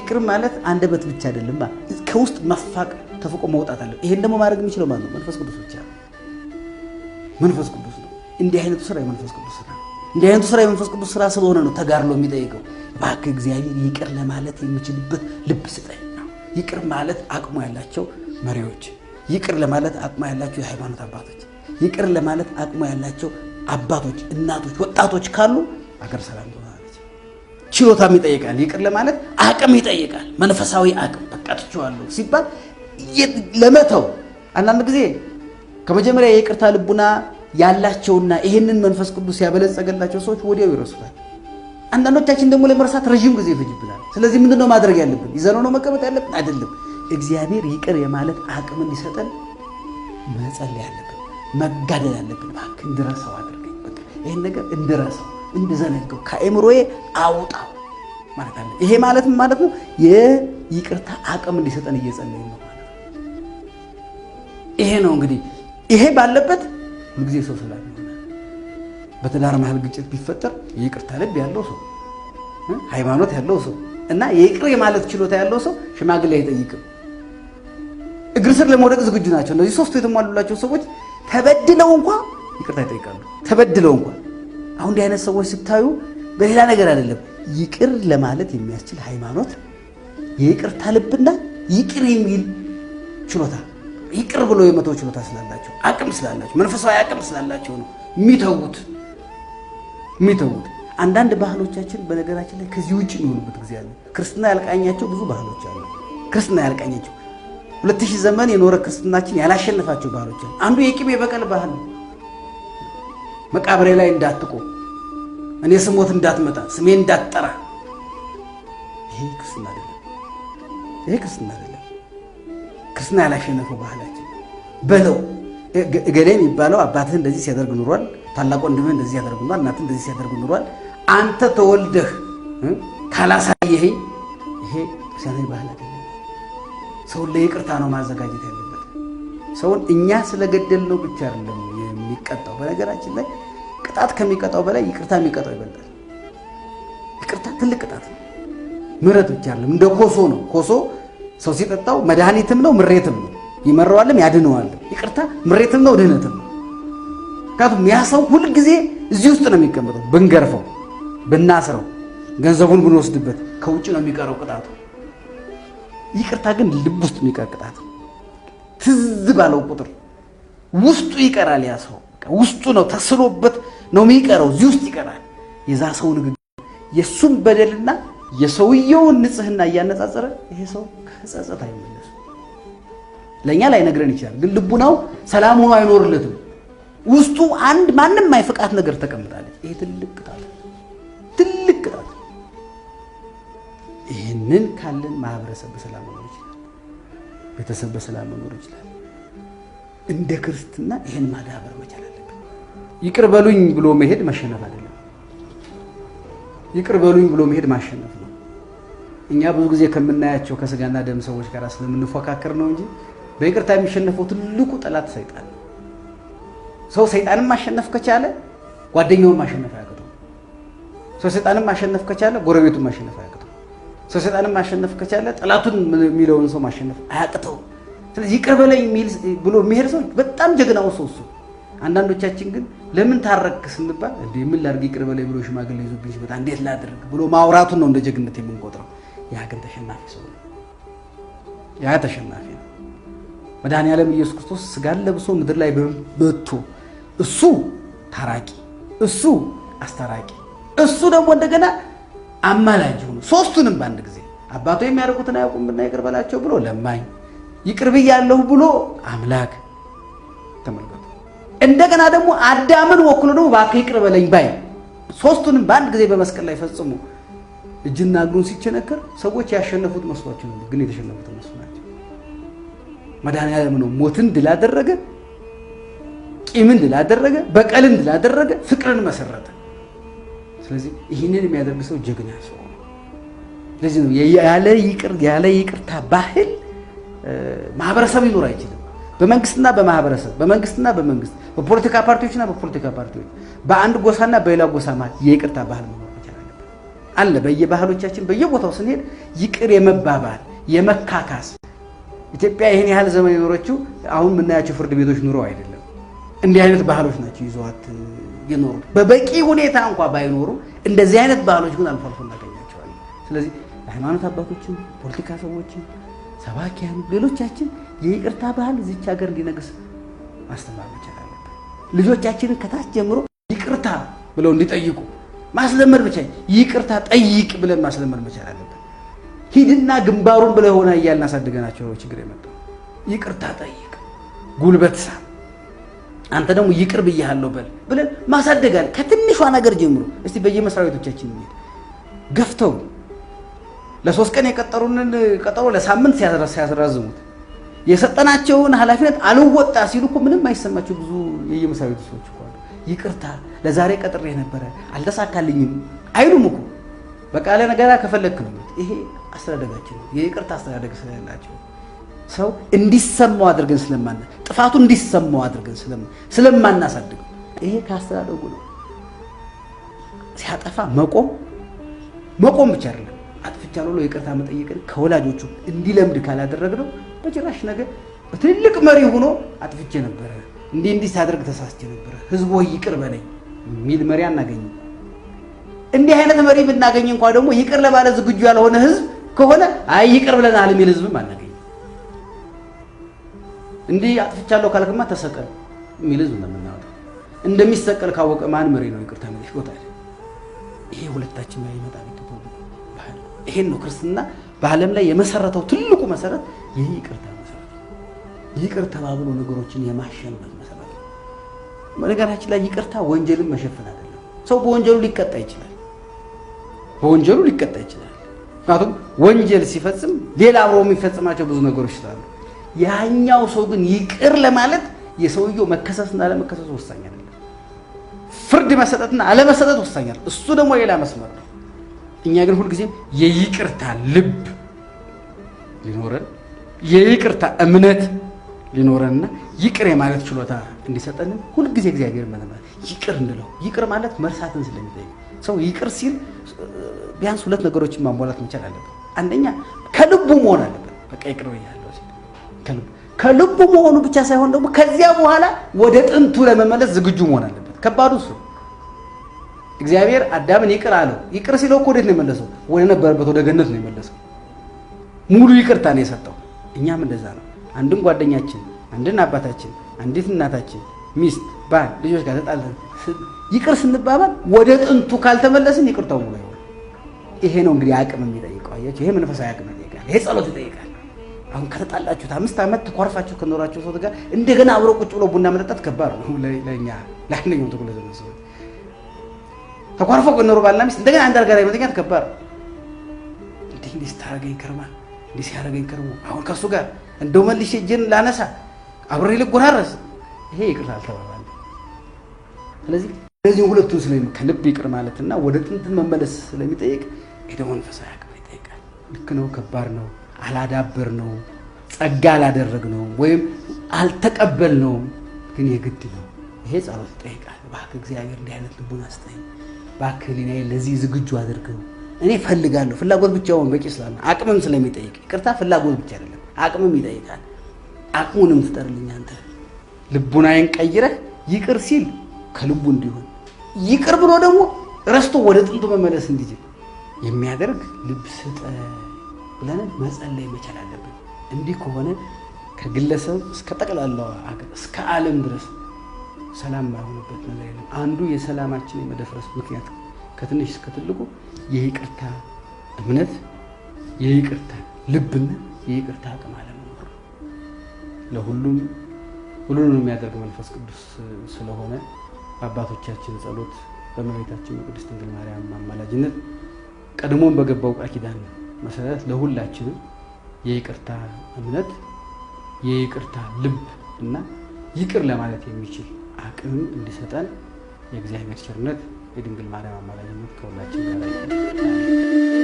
ይቅር ማለት አንደበት ብቻ አይደለም፣ ከውስጥ መፋቅ ተፍቆ መውጣት አለ። ይሄን ደግሞ ማድረግ የሚችለው ማለት ነው መንፈስ ቅዱስ ብቻ መንፈስ ቅዱስ ነው። እንዲህ አይነቱ ስራ የመንፈስ ቅዱስ ስራ እንዲህ አይነቱ ስራ የመንፈስ ቅዱስ ስራ ስለሆነ ነው ተጋድሎ የሚጠይቀው። እባክህ እግዚአብሔር ይቅር ለማለት የሚችልበት ልብ ስጠኝ ነው። ይቅር ማለት አቅሙ ያላቸው መሪዎች፣ ይቅር ለማለት አቅሙ ያላቸው የሃይማኖት አባቶች፣ ይቅር ለማለት አቅሙ ያላቸው አባቶች፣ እናቶች፣ ወጣቶች ካሉ አገር ሰላም ችሎታም ይጠይቃል። ይቅር ለማለት አቅም ይጠይቃል። መንፈሳዊ አቅም በቃ ትችዋለሁ ሲባል ለመተው አንዳንድ ጊዜ ከመጀመሪያ የይቅርታ ልቡና ያላቸውና ይህንን መንፈስ ቅዱስ ያበለጸገላቸው ሰዎች ወዲያው ይረሱታል። አንዳንዶቻችን ደግሞ ለመረሳት ረዥም ጊዜ ይፈጅብናል። ስለዚህ ምንድነው ማድረግ ያለብን? ይዘነው ነው መቀመጥ ያለብን አይደለም። እግዚአብሔር ይቅር የማለት አቅምን ሊሰጠን መጸለይ ያለብን መጋደል ያለብን። እባክህ እንድረሰው አድርገኝ፣ ይህን ነገር እንድረሰው እንድዘነገው ከአእምሮዬ አውጣው ማለት አለ። ይሄ ማለት ማለት ነው የይቅርታ አቅም እንዲሰጠን እየጸለይ ነው ማለት ይሄ ነው እንግዲህ። ይሄ ባለበት ሁልጊዜ ሰው ሰላም ይሆናል። በትዳር መሀል ግጭት ቢፈጠር የይቅርታ ልብ ያለው ሰው፣ ሃይማኖት ያለው ሰው እና የይቅር የማለት ችሎታ ያለው ሰው ሽማግሌ አይጠይቅም። እግር ስር ለመውደቅ ዝግጁ ናቸው። እነዚህ ሶስቱ የተሟሉላቸው ሰዎች ተበድለው እንኳ ይቅርታ ይጠይቃሉ። ተበድለው እንኳ አሁን እንዲህ አይነት ሰዎች ስታዩ በሌላ ነገር አይደለም፣ ይቅር ለማለት የሚያስችል ሃይማኖት፣ የይቅርታ ልብና ይቅር የሚል ችሎታ፣ ይቅር ብሎ የመተው ችሎታ ስላላቸው አቅም ስላላቸው መንፈሳዊ አቅም ስላላቸው ነው የሚተዉት የሚተዉት። አንዳንድ ባህሎቻችን በነገራችን ላይ ከዚህ ውጭ የሚሆኑበት ጊዜ አለ። ክርስትና ያልቃኛቸው ብዙ ባህሎች አሉ። ክርስትና ያልቃኛቸው ሁለት ሺህ ዘመን የኖረ ክርስትናችን ያላሸነፋቸው ባህሎች አሉ። አንዱ የቂም የበቀል ባህል ነው። መቃብሬ ላይ እንዳትቆ እኔ ስሞት እንዳትመጣ፣ ስሜ እንዳትጠራ። ይሄ ክርስትና አይደለም። ይሄ ክርስትና አይደለም። ክርስትና ያላሸነፈው ባህላችን በለው እገሌ የሚባለው አባትህ እንደዚህ ሲያደርግ ኑሯል፣ ታላቅ ወንድምህ እንደዚህ ሲያደርግ ኑሯል፣ እናትህ እንደዚህ ሲያደርግ ኑሯል። አንተ ተወልደህ ካላሳየህ ይሄ ክርስቲያናዊ ባህል አይደለም። ሰውን ለይቅርታ ነው ማዘጋጀት ያለበት። ሰውን እኛ ስለገደልነው ብቻ አይደለም የሚቀጣው በነገራችን ላይ ቅጣት ከሚቀጣው በላይ ይቅርታ የሚቀጣው ይበልጣል። ይቅርታ ትልቅ ቅጣት ነው። ምረት ብቻ አይደለም። እንደ ኮሶ ነው። ኮሶ ሰው ሲጠጣው መድኃኒትም ነው፣ ምሬትም ነው። ይመረዋልም ያድነዋልም። ይቅርታ ምሬትም ነው፣ ድህነትም ነው። ምክንያቱም ያ ሰው ሁልጊዜ እዚህ ውስጥ ነው የሚቀመጠው። ብንገርፈው፣ ብናስረው፣ ገንዘቡን ብንወስድበት ከውጭ ነው የሚቀረው ቅጣቱ። ይቅርታ ግን ልብ ውስጥ የሚቀር ቅጣት፣ ትዝ ባለው ቁጥር ውስጡ ይቀራል ያ ሰው። ውስጡ ነው ተስሎበት ነው የሚቀረው፣ እዚህ ውስጥ ይቀራል። የዛ ሰው ንግግር የእሱም በደልና የሰውየውን ንጽህና እያነጻጸረ ይሄ ሰው ከጸጸት አይመለሱ። ለእኛ ላይነግረን ይችላል፣ ግን ልቡናው ሰላም ሆኖ አይኖርለትም። ውስጡ አንድ ማንም አይፈቃት ነገር ተቀምጣለች። ይሄ ትልቅ ቅጣት፣ ትልቅ ቅጣት። ይህንን ካለን ማህበረሰብ በሰላም መኖር ይችላል፣ ቤተሰብ በሰላም መኖር ይችላል። እንደ ክርስትና ይህን ማዳበር ይቅር በሉኝ ብሎ መሄድ መሸነፍ አይደለም። ይቅር በሉኝ ብሎ መሄድ ማሸነፍ ነው። እኛ ብዙ ጊዜ ከምናያቸው ከስጋና ደም ሰዎች ጋር ስለምንፎካከር ነው እንጂ በይቅርታ የሚሸነፈው ትልቁ ጠላት ሰይጣን። ሰው ሰይጣንን ማሸነፍ ከቻለ ጓደኛውን ማሸነፍ አያቅተው። ሰው ሰይጣንን ማሸነፍ ከቻለ ጎረቤቱን ማሸነፍ አያቅተው። ሰው ሰይጣንን ማሸነፍ ከቻለ ጠላቱን የሚለውን ሰው ማሸነፍ አያቅተው። ስለዚህ ይቅር በለኝ ብሎ የሚሄድ ሰው በጣም ጀግናው ሰው እሱ። አንዳንዶቻችን ግን ለምን ታረክ ስንባል እንዴ ምን ላድርግ ይቅር በላይ ብሎ ሽማግሌ ይዞብኝ ሲመጣ እንዴት ላድርግ ብሎ ማውራቱን ነው እንደ ጀግነት የምንቆጥረው። ያ ግን ተሸናፊ ሰው ነው። ያ ተሸናፊ ነው። ዓለም ኢየሱስ ክርስቶስ ስጋን ለብሶ ምድር ላይ በቶ እሱ ታራቂ፣ እሱ አስታራቂ፣ እሱ ደግሞ እንደገና አማላጅ ሆኖ ሶስቱንም በአንድ ጊዜ አባቶ የሚያደርጉትን አያውቁምና ይቅር በላቸው ብሎ ለማኝ፣ ይቅር ብያለሁ ብሎ አምላክ ተመልከቱ። እንደገና ደግሞ አዳምን ወክሎ ደግሞ እባክህ ይቅር በለኝ ባይ ሶስቱንም በአንድ ጊዜ በመስቀል ላይ ፈጽሞ እጅና እግሩን ሲቸነከር ሰዎች ያሸነፉት መስሏቸው ነው፣ ግን የተሸነፉት እነሱ ናቸው። መድኃኒዓለም ነው ሞትን ድል አደረገ፣ ቂምን ድል አደረገ፣ በቀልን ድል አደረገ፣ ፍቅርን መሰረተ። ስለዚህ ይህንን የሚያደርግ ሰው ጀግና ሰው ነው። ያለ ይቅር ያለ ይቅርታ ባህል ማህበረሰብ ሊኖር አይችልም። በመንግስትና በማህበረሰብ በመንግስትና በመንግስት በፖለቲካ ፓርቲዎችና በፖለቲካ ፓርቲዎች በአንድ ጎሳና በሌላ ጎሳ ማለት የይቅርታ ባህል መኖር መቻል አለበት አለ። በየባህሎቻችን በየቦታው ስንሄድ ይቅር የመባባል የመካካስ ኢትዮጵያ ይህን ያህል ዘመን የኖረችው አሁን የምናያቸው ፍርድ ቤቶች ኑረው አይደለም። እንዲህ አይነት ባህሎች ናቸው ይዘዋት የኖሩት። በበቂ ሁኔታ እንኳ ባይኖሩ እንደዚህ አይነት ባህሎች ግን አልፎ አልፎ እናገኛቸዋለን። ስለዚህ ሃይማኖት አባቶችም ፖለቲካ ሰዎችም ሰባኪያን ሌሎቻችን የይቅርታ ባህል እዚች ሀገር እንዲነግስ ማስተማር መቻል ልጆቻችንን ከታች ጀምሮ ይቅርታ ብለው እንዲጠይቁ ማስለመድ ብቻ ይቅርታ ጠይቅ ብለን ማስለመድ መቻል አለብን። ሂድና ግንባሩን ብለ ሆነ እያልን አሳድገናቸው ነው ችግር የመጣው። ይቅርታ ጠይቅ፣ ጉልበት ሳ አንተ ደግሞ ይቅር ብያሃለሁ በል ብለን ማሳደጋል። ከትንሿ ነገር ጀምሮ እስቲ በየመስሪያ ቤቶቻችን ሄድ ገፍተው ለሶስት ቀን የቀጠሩንን ቀጠሮ ለሳምንት ሲያስረዝሙት የሰጠናቸውን ኃላፊነት አልወጣ ሲሉ እኮ ምንም አይሰማቸው ብዙ የየመሥሪያ ቤቱ ሰዎች እኮ አሉ። ይቅርታ ለዛሬ ቀጥሬ ነበረ አልተሳካልኝም አይሉም እኮ በቃ ለነገራ ከፈለክ ነው። ይሄ አስተዳደጋችን ነው። የይቅርታ አስተዳደግ ስለሌላቸው ሰው እንዲሰማው አድርገን ስለማና ጥፋቱ እንዲሰማው አድርገን ስለማናሳድግ ይሄ ከአስተዳደጉ ነው። ሲያጠፋ መቆም መቆም ብቻ አይደለም አጥፍቻለሁ ብሎ ይቅርታ መጠየቅን ከወላጆቹ እንዲለምድ ነው። በጭራሽ ነገር በትልቅ መሪ ሆኖ አጥፍቼ ነበረ፣ እንዲህ እንዲህ ሳደርግ ተሳስቼ ነበረ፣ ህዝቦ ይቅር በለኝ የሚል መሪ አናገኝም። እንዲህ አይነት መሪ ብናገኝ እንኳ ደግሞ ይቅር ለማለት ዝግጁ ያልሆነ ህዝብ ከሆነ አይ ይቅር ብለናል የሚል ህዝብም አናገኝም። እንዲህ አጥፍቻለሁ ካልክማ ተሰቀል የሚል ህዝብ ነው እንደሚሰቀል ካወቀ ማን መሪ ነው ይቅርታ ይወጣል? ይሄ ሁለታችን ላይ ይመጣል። ይሄን ነው ክርስትና በዓለም ላይ የመሰረተው ትልቁ መሰረት ይህ ይቅርታ መሰረት ይቅር ተባብሎ ነገሮችን የማሸንበት መሰረት ነው። በነገራችን ላይ ይቅርታ ወንጀልን መሸፈን አይደለም። ሰው በወንጀሉ ሊቀጣ ይችላል፣ በወንጀሉ ሊቀጣ ይችላል። ምክንያቱም ወንጀል ሲፈጽም ሌላ አብሮ የሚፈጽማቸው ብዙ ነገሮች ስላሉ፣ ያኛው ሰው ግን ይቅር ለማለት የሰውየው መከሰስና ለመከሰስ ወሳኝ አይደለም። ፍርድ መሰጠትና አለመሰጠት ወሳኛል። እሱ ደግሞ ሌላ መስመር ነው። እኛ ግን ሁልጊዜም የይቅርታ ልብ ሊኖረን የይቅርታ እምነት ሊኖረንና ይቅር የማለት ችሎታ እንዲሰጠን ሁልጊዜ እግዚአብሔር መለማ ይቅር እንለው። ይቅር ማለት መርሳትን ስለሚጠይቅ ሰው ይቅር ሲል ቢያንስ ሁለት ነገሮችን ማሟላት መቻል አለበት። አንደኛ ከልቡ መሆን አለበት። በቃ ይቅር ያለው ሲል ከልቡ መሆኑ ብቻ ሳይሆን ደግሞ ከዚያ በኋላ ወደ ጥንቱ ለመመለስ ዝግጁ መሆን አለበት። ከባዱ እሱ እግዚአብሔር አዳምን ይቅር አለው። ይቅር ሲለው እኮ ወዴት ነው የመለሰው? ወደ ነበረበት ወደ ገነት ነው የመለሰው። ሙሉ ይቅርታ ነው የሰጠው። እኛም እንደዛ ነው። አንድን ጓደኛችን፣ አንድን አባታችን፣ አንዲት እናታችን፣ ሚስት፣ ባል፣ ልጆች ጋር ተጣልተን ይቅር ስንባባል ወደ ጥንቱ ካልተመለስን ይቅርታው ሙሉ አይሆንም። ይሄ ነው እንግዲህ አቅም የሚጠይቀው። አያቸው። ይሄ መንፈሳዊ አቅም ይጠይቃል። ይሄ ጸሎት ይጠይቃል። አሁን ከተጣላችሁት አምስት ዓመት ተኮርፋችሁ ከኖራችሁ ሰው ጋር እንደገና አብሮ ቁጭ ብሎ ቡና መጠጣት ከባድ ነው ለእኛ ለአንደኛው ትኩለ ተኳርፎ ከኖሩ ባልና ሚስት እንደገና አንድ አልጋ ላይ መተኛት ከባድ ነው። እንዲህ እንዲህ ስታረገኝ ከርማ እንዲህ ሲያረገኝ ከርሞ አሁን ከእሱ ጋር እንደው መልሼ እጄን ላነሳ አብሬ ልጎራረስ ይሄ ይቅር አልተባባለ ስለዚህ እነዚህ ሁለቱን ስለሚ ከልብ ይቅር ማለትና ወደ ጥንትን መመለስ ስለሚጠይቅ ሄደ መንፈሳዊ አቅም ይጠይቃል። ልክ ነው። ከባድ ነው። አላዳበር ነው። ጸጋ አላደረግ ነው ወይም አልተቀበል ነው ግን የግድ ነው። ይሄ ጸሎት ይጠይቃል። እባክህ እግዚአብሔር እንዲህ አይነት ልቡን አስጠኝ እባክህ ለዚህ ዝግጁ አድርገው። እኔ ፈልጋለሁ ፍላጎት ብቻውን በቂ ስላለ አቅምም ስለሚጠይቅ ይቅርታ፣ ፍላጎት ብቻ አይደለም አቅምም ይጠይቃል። አቅሙንም ፍጠርልኝ አንተ። ልቡናዬን ቀይረህ ይቅር ሲል ከልቡ እንዲሆን ይቅር ብሎ ደግሞ ረስቶ ወደ ጥንቱ መመለስ እንዲችል የሚያደርግ ልብ ስጠን ብለን መጸለይ መቻል አለብን። እንዲህ ከሆነ ከግለሰብ እስከ ጠቅላላው እስከ ዓለም ድረስ ሰላም ማይሆንበት ነገር የለም። አንዱ የሰላማችን የመደፍረስ ምክንያት ከትንሽ እስከ ትልቁ የይቅርታ እምነት፣ የይቅርታ ልብና የይቅርታ አቅም አለመኖር ለሁሉም ሁሉንም የሚያደርግ መንፈስ ቅዱስ ስለሆነ በአባቶቻችን ጸሎት በእመቤታችን በቅድስት ድንግል ማርያም አማላጅነት ቀድሞን በገባው ቃል ኪዳን መሰረት ለሁላችንም የይቅርታ እምነት የይቅርታ ልብ እና ይቅር ለማለት የሚችል አቅም እንዲሰጠን የእግዚአብሔር ቸርነት የድንግል ማርያም አማላጅነት ከሁላችን ጋር